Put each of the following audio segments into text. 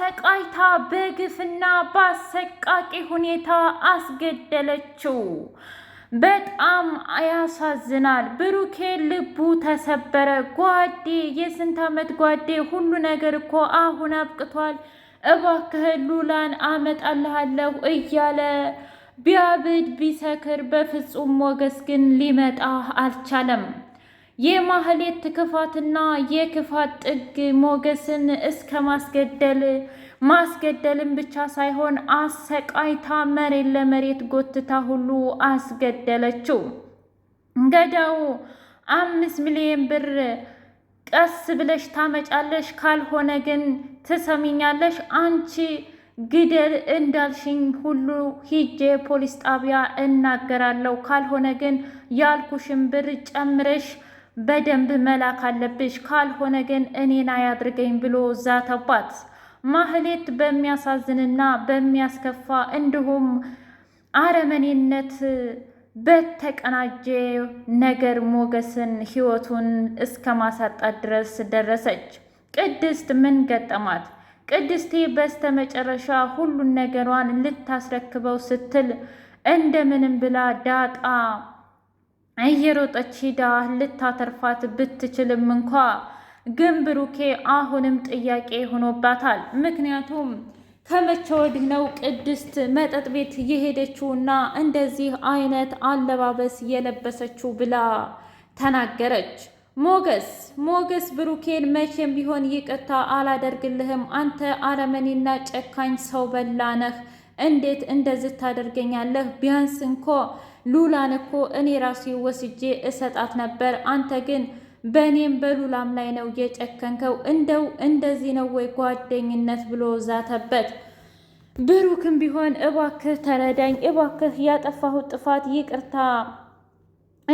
አሰቃይታ በግፍና በአሰቃቂ ሁኔታ አስገደለችው። በጣም ያሳዝናል። ብሩኬ ልቡ ተሰበረ። ጓዴ፣ የስንት ዓመት ጓዴ፣ ሁሉ ነገር እኮ አሁን አብቅቷል፣ እባክህ ሉላን አመጣልሃለሁ እያለ ቢያብድ ቢሰክር፣ በፍጹም ሞገስ ግን ሊመጣ አልቻለም። የማህሌት ክፋትና የክፋት ጥግ ሞገስን እስከ ማስገደል ማስገደልን ብቻ ሳይሆን አሰቃይታ መሬት ለመሬት ጎትታ ሁሉ አስገደለችው። ገዳው አምስት ሚሊዮን ብር ቀስ ብለሽ ታመጫለሽ፣ ካልሆነ ግን ትሰሚኛለሽ አንቺ ግደል እንዳልሽኝ ሁሉ ሂጄ ፖሊስ ጣቢያ እናገራለሁ፣ ካልሆነ ግን ያልኩሽን ብር ጨምረሽ በደንብ መላክ አለብሽ፣ ካልሆነ ግን እኔን አያድርገኝ ብሎ ዛተባት። ማህሌት በሚያሳዝንና በሚያስከፋ እንዲሁም አረመኔነት በተቀናጀ ነገር ሞገስን ህይወቱን እስከ ማሳጣት ድረስ ደረሰች። ቅድስት ምን ገጠማት? ቅድስቴ በስተመጨረሻ ሁሉን ነገሯን ልታስረክበው ስትል እንደምንም ብላ ዳጣ እየሮጠች ሂዳ ልታተርፋት ብትችልም እንኳ ግን ብሩኬ አሁንም ጥያቄ ሆኖባታል። ምክንያቱም ከመቼ ወዲህ ነው ቅድስት መጠጥ ቤት የሄደችውና እንደዚህ አይነት አለባበስ የለበሰችው ብላ ተናገረች። ሞገስ ሞገስ ብሩኬን መቼም ቢሆን ይቅርታ አላደርግልህም፣ አንተ አረመኔና ጨካኝ ሰው በላ ነህ እንዴት እንደዚህ ታደርገኛለህ? ቢያንስ እንኮ ሉላን እኮ እኔ ራሴ ወስጄ እሰጣት ነበር። አንተ ግን በእኔም በሉላም ላይ ነው የጨከንከው። እንደው እንደዚህ ነው ወይ ጓደኝነት ብሎ ዛተበት። ብሩክም ቢሆን እባክህ ተረዳኝ፣ እባክህ ያጠፋሁት ጥፋት ይቅርታ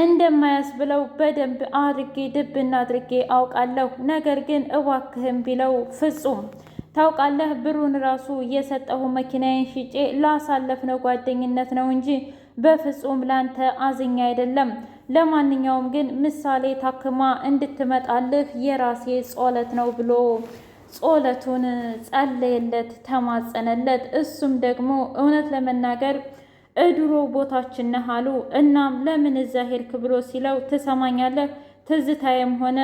እንደማያስ ብለው በደንብ አድርጌ ድብና አድርጌ አውቃለሁ። ነገር ግን እባክህም ቢለው ፍጹም ታውቃለህ፣ ብሩን ራሱ እየሰጠሁ መኪናዬን ሽጬ ላሳለፍነው ጓደኝነት ነው እንጂ በፍጹም ላንተ አዝኛ አይደለም። ለማንኛውም ግን ምሳሌ ታክማ እንድትመጣልህ የራሴ ጾለት ነው ብሎ ጾለቱን ጸለየለት፣ ተማጸነለት። እሱም ደግሞ እውነት ለመናገር እድሮ ቦታችን ነህ አሉ። እናም ለምን እዛ ሄድክ ብሎ ሲለው ትሰማኛለህ፣ ትዝታዬም ሆነ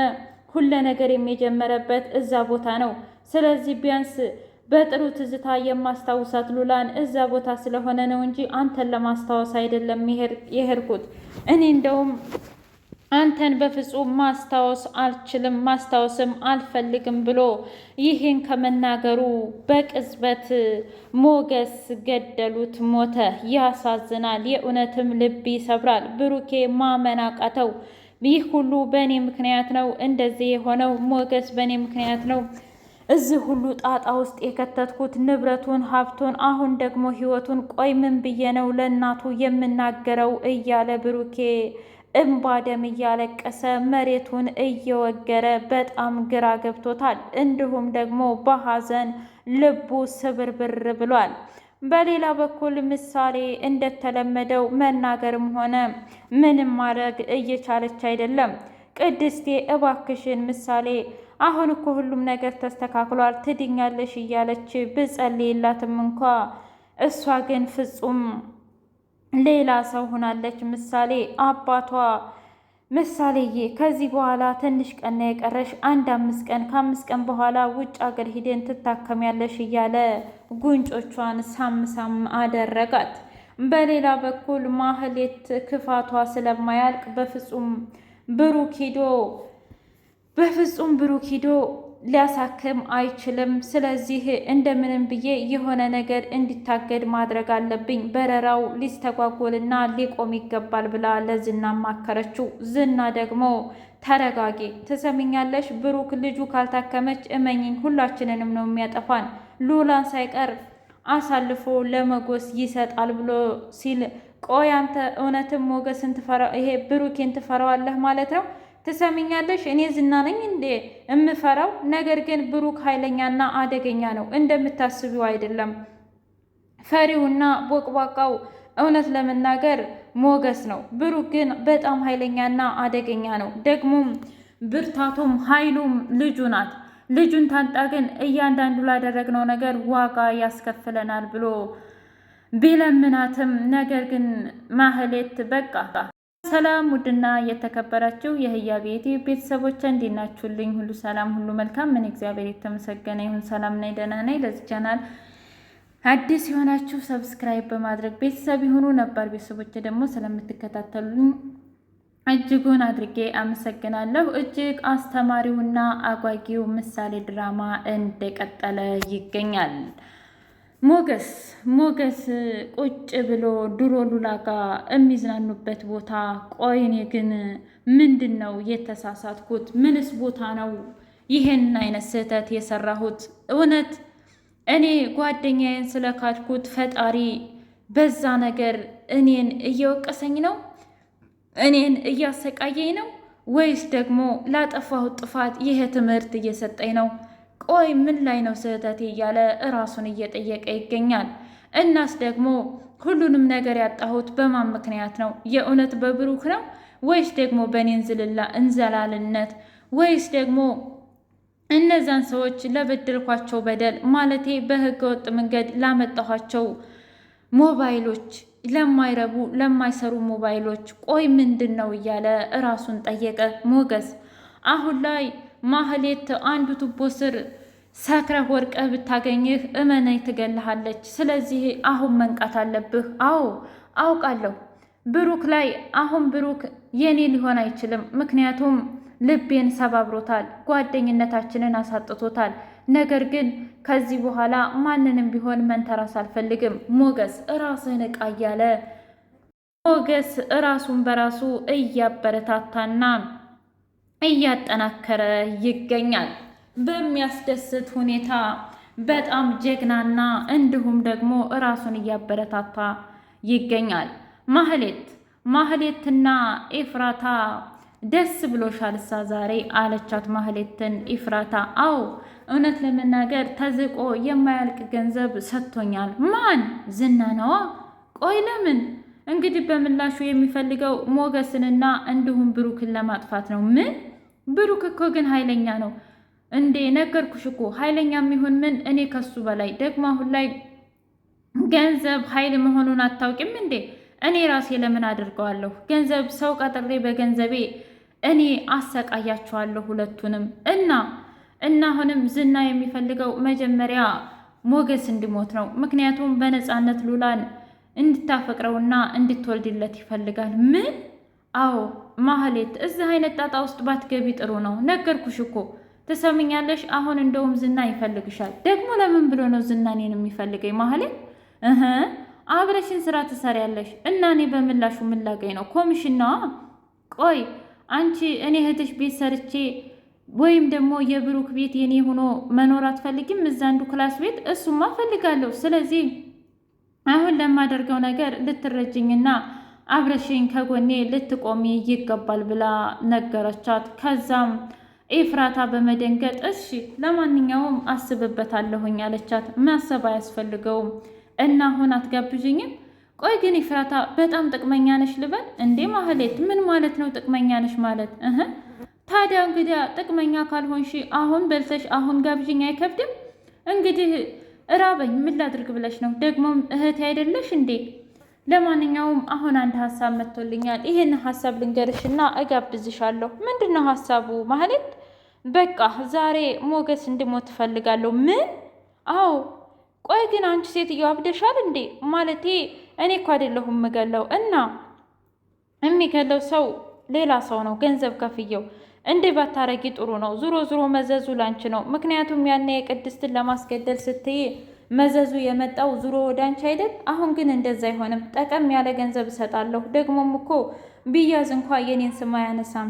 ሁለ ነገር የሚጀመረበት እዛ ቦታ ነው ስለዚህ ቢያንስ በጥሩ ትዝታ የማስታውሳት ሉላን እዛ ቦታ ስለሆነ ነው እንጂ አንተን ለማስታወስ አይደለም የሄድኩት። እኔ እንደውም አንተን በፍጹም ማስታወስ አልችልም፣ ማስታወስም አልፈልግም ብሎ ይህን ከመናገሩ በቅጽበት ሞገስ ገደሉት፣ ሞተ። ያሳዝናል። የእውነትም ልብ ይሰብራል። ብሩኬ ማመን አቃተው። ይህ ሁሉ በእኔ ምክንያት ነው እንደዚህ የሆነው፣ ሞገስ በእኔ ምክንያት ነው እዚህ ሁሉ ጣጣ ውስጥ የከተትኩት ንብረቱን፣ ሀብቱን፣ አሁን ደግሞ ህይወቱን። ቆይ ምን ብዬ ነው ለእናቱ የምናገረው? እያለ ብሩኬ እምባደም እያለቀሰ መሬቱን እየወገረ በጣም ግራ ገብቶታል። እንዲሁም ደግሞ በሀዘን ልቡ ስብርብር ብሏል። በሌላ በኩል ምሳሌ እንደተለመደው መናገርም ሆነ ምንም ማድረግ እየቻለች አይደለም። ቅድስቴ እባክሽን ምሳሌ አሁን እኮ ሁሉም ነገር ተስተካክሏል፣ ትድኛለሽ እያለች ብጸልይላትም እንኳ እሷ ግን ፍጹም ሌላ ሰው ሆናለች። ምሳሌ አባቷ ምሳሌዬ ከዚህ በኋላ ትንሽ ቀን ነው የቀረሽ፣ አንድ አምስት ቀን ከአምስት ቀን በኋላ ውጭ አገር ሂደን ትታከሚያለሽ እያለ ጉንጮቿን ሳም ሳም አደረጋት። በሌላ በኩል ማህሌት ክፋቷ ስለማያልቅ በፍጹም ብሩክ ሂዶ በፍጹም ብሩክ ሂዶ ሊያሳክም አይችልም። ስለዚህ እንደምንም ብዬ የሆነ ነገር እንዲታገድ ማድረግ አለብኝ፣ በረራው ሊስተጓጎልና ሊቆም ይገባል ብላ ለዝና ማከረችው። ዝና ደግሞ ተረጋጊ፣ ትሰሚኛለሽ? ብሩክ ልጁ ካልታከመች እመኝኝ ሁላችንንም ነው የሚያጠፋን፣ ሉላን ሳይቀር አሳልፎ ለመጎስ ይሰጣል ብሎ ሲል ቆይ አንተ እውነትም ሞገስን ትፈራ ይሄ ብሩኬን ትፈራዋለህ ማለት ነው ትሰሚኛለሽ? እኔ ዝና ነኝ እንዴ እምፈራው? ነገር ግን ብሩክ ኃይለኛና አደገኛ ነው፣ እንደምታስቢው አይደለም። ፈሪውና ቦቅቧቃው እውነት ለመናገር ሞገስ ነው። ብሩክ ግን በጣም ኃይለኛና አደገኛ ነው። ደግሞም ብርታቱም ኃይሉም ልጁ ናት። ልጁን ታንጣ ግን እያንዳንዱ ላደረግነው ነገር ዋጋ ያስከፍለናል ብሎ ቢለምናትም ነገር ግን ማህሌት በቃ ሰላም ውድና የተከበራችሁ የህያ ቤቴ ቤተሰቦች እንዴት ናችሁልኝ? ሁሉ ሰላም፣ ሁሉ መልካም። ምን እግዚአብሔር የተመሰገነ ይሁን። ሰላም ነኝ፣ ደህና ነኝ። ለዚህ ቻናል አዲስ የሆናችሁ ሰብስክራይብ በማድረግ ቤተሰብ የሆኑ ነባር ቤተሰቦች ደግሞ ስለምትከታተሉኝ እጅጉን አድርጌ አመሰግናለሁ። እጅግ አስተማሪውና አጓጊው ምሳሌ ድራማ እንደቀጠለ ይገኛል። ሞገስ ሞገስ ቁጭ ብሎ ድሮ ሉላ ጋር የሚዝናኑበት ቦታ ቆይኔ ግን ምንድን ነው የተሳሳትኩት? ምንስ ቦታ ነው ይሄን አይነት ስህተት የሰራሁት? እውነት እኔ ጓደኛዬን ስለካድኩት ፈጣሪ በዛ ነገር እኔን እየወቀሰኝ ነው? እኔን እያሰቃየኝ ነው? ወይስ ደግሞ ላጠፋሁት ጥፋት ይሄ ትምህርት እየሰጠኝ ነው? ቆይ ምን ላይ ነው ስህተቴ እያለ እራሱን እየጠየቀ ይገኛል። እናስ ደግሞ ሁሉንም ነገር ያጣሁት በማን ምክንያት ነው? የእውነት በብሩክ ነው ወይስ ደግሞ በእኔ እንዝልላ እንዘላልነት ወይስ ደግሞ እነዛን ሰዎች ለበደልኳቸው በደል ማለቴ በህገ ወጥ መንገድ ላመጣኋቸው ሞባይሎች ለማይረቡ ለማይሰሩ ሞባይሎች ቆይ ምንድን ነው እያለ እራሱን ጠየቀ ሞገስ አሁን ላይ ማህሌት አንዱ ቱቦ ስር ሰክረህ ወድቀህ ብታገኝህ እመነኝ ትገልሃለች። ስለዚህ አሁን መንቃት አለብህ። አዎ አውቃለሁ ብሩክ ላይ አሁን ብሩክ የኔ ሊሆን አይችልም። ምክንያቱም ልቤን ሰባብሮታል፣ ጓደኝነታችንን አሳጥቶታል። ነገር ግን ከዚህ በኋላ ማንንም ቢሆን መንተራስ አልፈልግም። ሞገስ እራስህን እቃ እያለ ሞገስ እራሱን በራሱ እያበረታታና እያጠናከረ ይገኛል። በሚያስደስት ሁኔታ በጣም ጀግናና እንዲሁም ደግሞ እራሱን እያበረታታ ይገኛል። ማህሌት ማህሌትና ኤፍራታ ደስ ብሎሻል ሳ ዛሬ አለቻት ማህሌትን ኤፍራታ። አዎ እውነት ለመናገር ተዝቆ የማያልቅ ገንዘብ ሰጥቶኛል። ማን? ዝና ነዋ። ቆይ ለምን? እንግዲህ በምላሹ የሚፈልገው ሞገስንና እንዲሁም ብሩክን ለማጥፋት ነው። ምን ብሩክ እኮ ግን ኃይለኛ ነው እንዴ! ነገርኩሽ እኮ ኃይለኛ የሚሆን ምን እኔ ከሱ በላይ ደግሞ አሁን ላይ ገንዘብ ኃይል መሆኑን አታውቂም እንዴ? እኔ ራሴ ለምን አድርገዋለሁ? ገንዘብ ሰው ቀጥሬ በገንዘቤ እኔ አሰቃያቸዋለሁ ሁለቱንም። እና እና አሁንም ዝና የሚፈልገው መጀመሪያ ሞገስ እንዲሞት ነው። ምክንያቱም በነፃነት ሉላን እንድታፈቅረውና እንድትወልድለት ይፈልጋል። ምን አዎ ማህሌት፣ እዚህ አይነት ጣጣ ውስጥ ባትገቢ ጥሩ ነው። ነገርኩሽ እኮ ትሰምኛለሽ። አሁን እንደውም ዝና ይፈልግሻል። ደግሞ ለምን ብሎ ነው ዝና እኔን የሚፈልገኝ? ማህሌት እህ አብረሽን ስራ ትሰሪያለሽ እና እኔ በምላሹ ምላገኝ ነው ኮሚሽና። ቆይ አንቺ እኔ እህትሽ ቤት ሰርቼ ወይም ደግሞ የብሩክ ቤት የኔ ሆኖ መኖር አትፈልጊም? እዛ አንዱ ክላስ ቤት እሱማ ፈልጋለሁ። ስለዚህ አሁን ለማደርገው ነገር ልትረጅኝና አብረሽኝ ከጎኔ ልትቆሚ ይገባል ብላ ነገረቻት። ከዛም ኤፍራታ በመደንገጥ እሺ ለማንኛውም አስብበታለሁኝ አለቻት። ማሰብ አያስፈልገውም እና አሁን አትጋብዥኝም? ቆይ ግን ኤፍራታ በጣም ጥቅመኛ ነሽ ልበል እንዴ? ማህሌት ምን ማለት ነው ጥቅመኛ ነሽ ማለት? እህ ታዲያ እንግዲያ ጥቅመኛ ካልሆንሽ አሁን በልተሽ አሁን ጋብዥኝ አይከብድም? እንግዲህ እራበኝ ምን ላድርግ ብለሽ ነው? ደግሞም እህቴ አይደለሽ እንዴ? ለማንኛውም አሁን አንድ ሀሳብ መጥቶልኛል። ይህን ሀሳብ ልንገርሽና እጋብዝሻለሁ። ምንድን ነው ሀሳቡ? ማለት በቃ ዛሬ ሞገስ እንድሞት እፈልጋለሁ። ምን? አዎ። ቆይ ግን አንቺ ሴትዮ አብደሻል እንዴ? ማለቴ እኔ እኮ አይደለሁም የምገለው እና የሚገለው ሰው ሌላ ሰው ነው፣ ገንዘብ ከፍየው እንዴ ባታረጊ ጥሩ ነው። ዙሮ ዙሮ መዘዙ ላንቺ ነው። ምክንያቱም ያኔ የቅድስትን ለማስገደል ስትይ መዘዙ የመጣው ዙሮ ወደ አንቺ አይደል? አሁን ግን እንደዛ አይሆንም። ጠቀም ያለ ገንዘብ እሰጣለሁ። ደግሞም እኮ ቢያዝ እንኳ የኔን ስም አያነሳም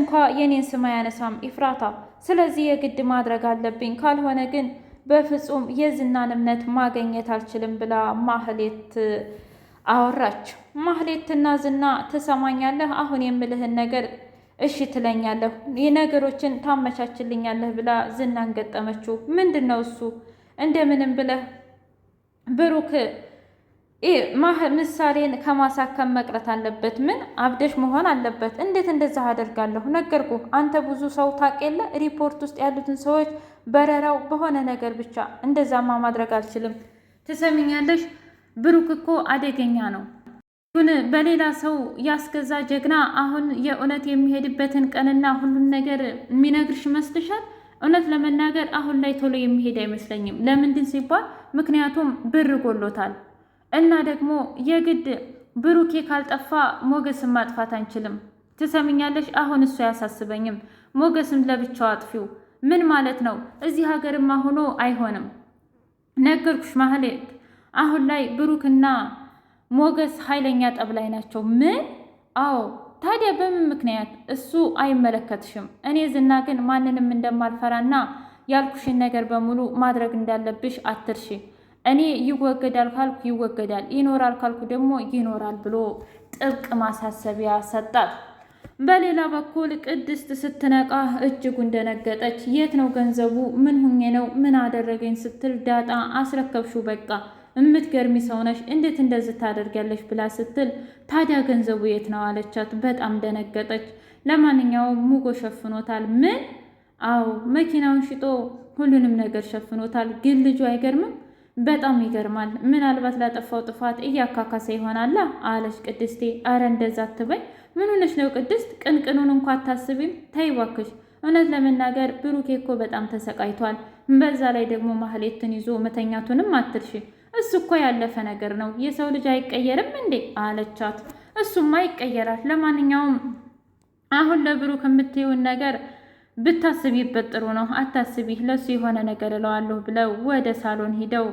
እንኳ የኔን ስም አያነሳም ኢፍራታ። ስለዚህ የግድ ማድረግ አለብኝ፣ ካልሆነ ግን በፍጹም የዝናን እምነት ማገኘት አልችልም ብላ ማህሌት አወራች። ማህሌትና ዝና ትሰማኛለህ፣ አሁን የምልህን ነገር እሺ ትለኛለሁ ነገሮችን ታመቻችልኛለህ ብላ ዝናን ገጠመችው። ምንድን ነው እሱ እንደምንም ብለህ ብሩክ ምሳሌን ከማሳከም መቅረት አለበት። ምን አብደሽ መሆን አለበት። እንዴት እንደዛ አደርጋለሁ? ነገርኩ። አንተ ብዙ ሰው ታውቅ የለ ሪፖርት ውስጥ ያሉትን ሰዎች በረራው በሆነ ነገር ብቻ እንደዛማ ማድረግ አልችልም። ትሰሚኛለሽ? ብሩክ እኮ አደገኛ ነው። ግን በሌላ ሰው ያስገዛ ጀግና አሁን የእውነት የሚሄድበትን ቀንና ሁሉን ነገር የሚነግርሽ ይመስልሻል? እውነት ለመናገር አሁን ላይ ቶሎ የሚሄድ አይመስለኝም። ለምንድን ሲባል ምክንያቱም ብር ጎሎታል እና ደግሞ የግድ ብሩኬ ካልጠፋ ሞገስን ማጥፋት አንችልም። ትሰምኛለሽ? አሁን እሱ አያሳስበኝም። ሞገስም ለብቻው አጥፊው ምን ማለት ነው? እዚህ ሀገርማ ሆኖ አይሆንም። ነገርኩሽ ማህሌት፣ አሁን ላይ ብሩክና ሞገስ ኃይለኛ ጠብ ላይ ናቸው። ምን? አዎ ታዲያ በምን ምክንያት? እሱ አይመለከትሽም። እኔ ዝና ግን ማንንም እንደማልፈራና ያልኩሽን ነገር በሙሉ ማድረግ እንዳለብሽ አትርሺ። እኔ ይወገዳል ካልኩ ይወገዳል፣ ይኖራል ካልኩ ደግሞ ይኖራል ብሎ ጥብቅ ማሳሰቢያ ሰጣት። በሌላ በኩል ቅድስት ስትነቃ እጅጉን ደነገጠች። የት ነው ገንዘቡ? ምን ሁኜ ነው? ምን አደረገኝ? ስትል ዳጣ አስረከብሹ በቃ የምትገርሚ ሰው ነሽ፣ እንዴት እንደዚህ ታደርጊያለሽ ብላ ስትል ታዲያ ገንዘቡ የት ነው አለቻት። በጣም ደነገጠች። ለማንኛውም ሙጎ ሸፍኖታል። ምን? አዎ መኪናውን ሽጦ ሁሉንም ነገር ሸፍኖታል። ግን ልጁ አይገርምም? በጣም ይገርማል። ምናልባት ላጠፋው ጥፋት እያካካሰ ይሆናላ አለች ቅድስቴ። አረ እንደዛ አትበይ። ምን ሆነሽ ነው ቅድስት? ቅንቅኑን እንኳ አታስቢም። ተይ እባክሽ። እውነት ለመናገር ብሩኬ እኮ በጣም ተሰቃይቷል። በዛ ላይ ደግሞ ማህሌትን ይዞ መተኛቱንም አትርሽ። እሱ እኮ ያለፈ ነገር ነው። የሰው ልጅ አይቀየርም እንዴ አለቻት። እሱማ ይቀየራል። ለማንኛውም አሁን ለብሩክ የምትይውን ነገር ብታስቢበት ጥሩ ነው። አታስቢ፣ ለሱ የሆነ ነገር እለዋለሁ ብለው ወደ ሳሎን ሂደው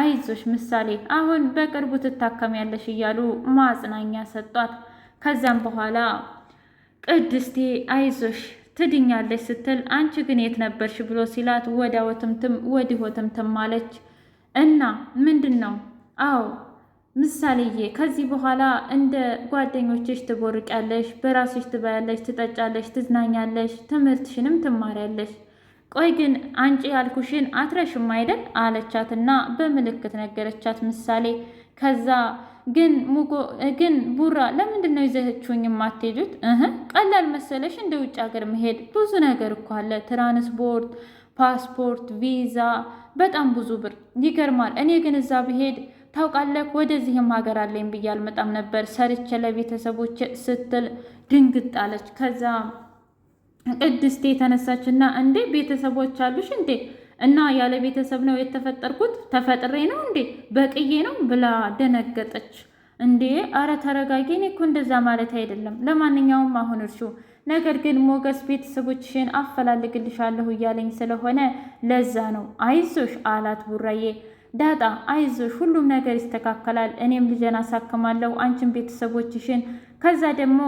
አይዞሽ ምሳሌ፣ አሁን በቅርቡ ትታከሚያለሽ እያሉ ማጽናኛ ሰጧት። ከዛም በኋላ ቅድስቴ አይዞሽ ትድኛለች ስትል አንቺ ግን የት ነበርሽ ብሎ ሲላት ወዳወትምትም ወትምትም ወዲህ አለች። እና ምንድን ነው? አዎ ምሳሌዬ፣ ከዚህ በኋላ እንደ ጓደኞችሽ ትቦርቂያለሽ፣ በራስሽ ትበያለሽ፣ ትጠጫለሽ፣ ትዝናኛለሽ፣ ትምህርትሽንም ትማሪያለሽ። ቆይ ግን አንቺ ያልኩሽን አትረሽም አይደል? አለቻትና በምልክት ነገረቻት ምሳሌ። ከዛ ግን ሙጎ ግን ቡራ ለምንድን ነው ይዘችሁኝ የማትሄዱት? ቀላል መሰለሽ? እንደ ውጭ ሀገር መሄድ ብዙ ነገር እኮ አለ፣ ትራንስፖርት ፓስፖርት፣ ቪዛ በጣም ብዙ ብር ይገርማል። እኔ ግን እዛ ብሄድ ታውቃለህ፣ ወደዚህም ሀገር አለኝ ብዬ አልመጣም ነበር ሰርቼ ለቤተሰቦች ስትል ድንግጥ አለች። ከዛ ቅድስቴ የተነሳች እና እንዴ ቤተሰቦች አሉሽ እንዴ? እና ያለ ቤተሰብ ነው የተፈጠርኩት? ተፈጥሬ ነው እንዴ? በቅዬ ነው ብላ ደነገጠች። እንዴ አረ ተረጋጊ፣ እኔ እኮ እንደዛ ማለት አይደለም። ለማንኛውም አሁን እርሹ ነገር ግን ሞገስ ቤተሰቦችሽን አፈላልግልሻለሁ እያለኝ ስለሆነ ለዛ ነው። አይዞሽ አላት ቡራዬ። ዳጣ አይዞሽ፣ ሁሉም ነገር ይስተካከላል። እኔም ልጄን አሳክማለሁ፣ አንቺን ቤተሰቦችሽን፣ ከዛ ደግሞ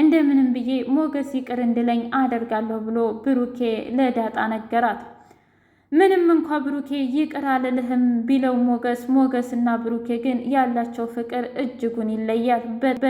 እንደምንም ብዬ ሞገስ ይቅር እንድለኝ አደርጋለሁ ብሎ ብሩኬ ለዳጣ ነገራት። ምንም እንኳ ብሩኬ ይቅር አልልህም ቢለው ሞገስ ሞገስ እና ብሩኬ ግን ያላቸው ፍቅር እጅጉን ይለያል።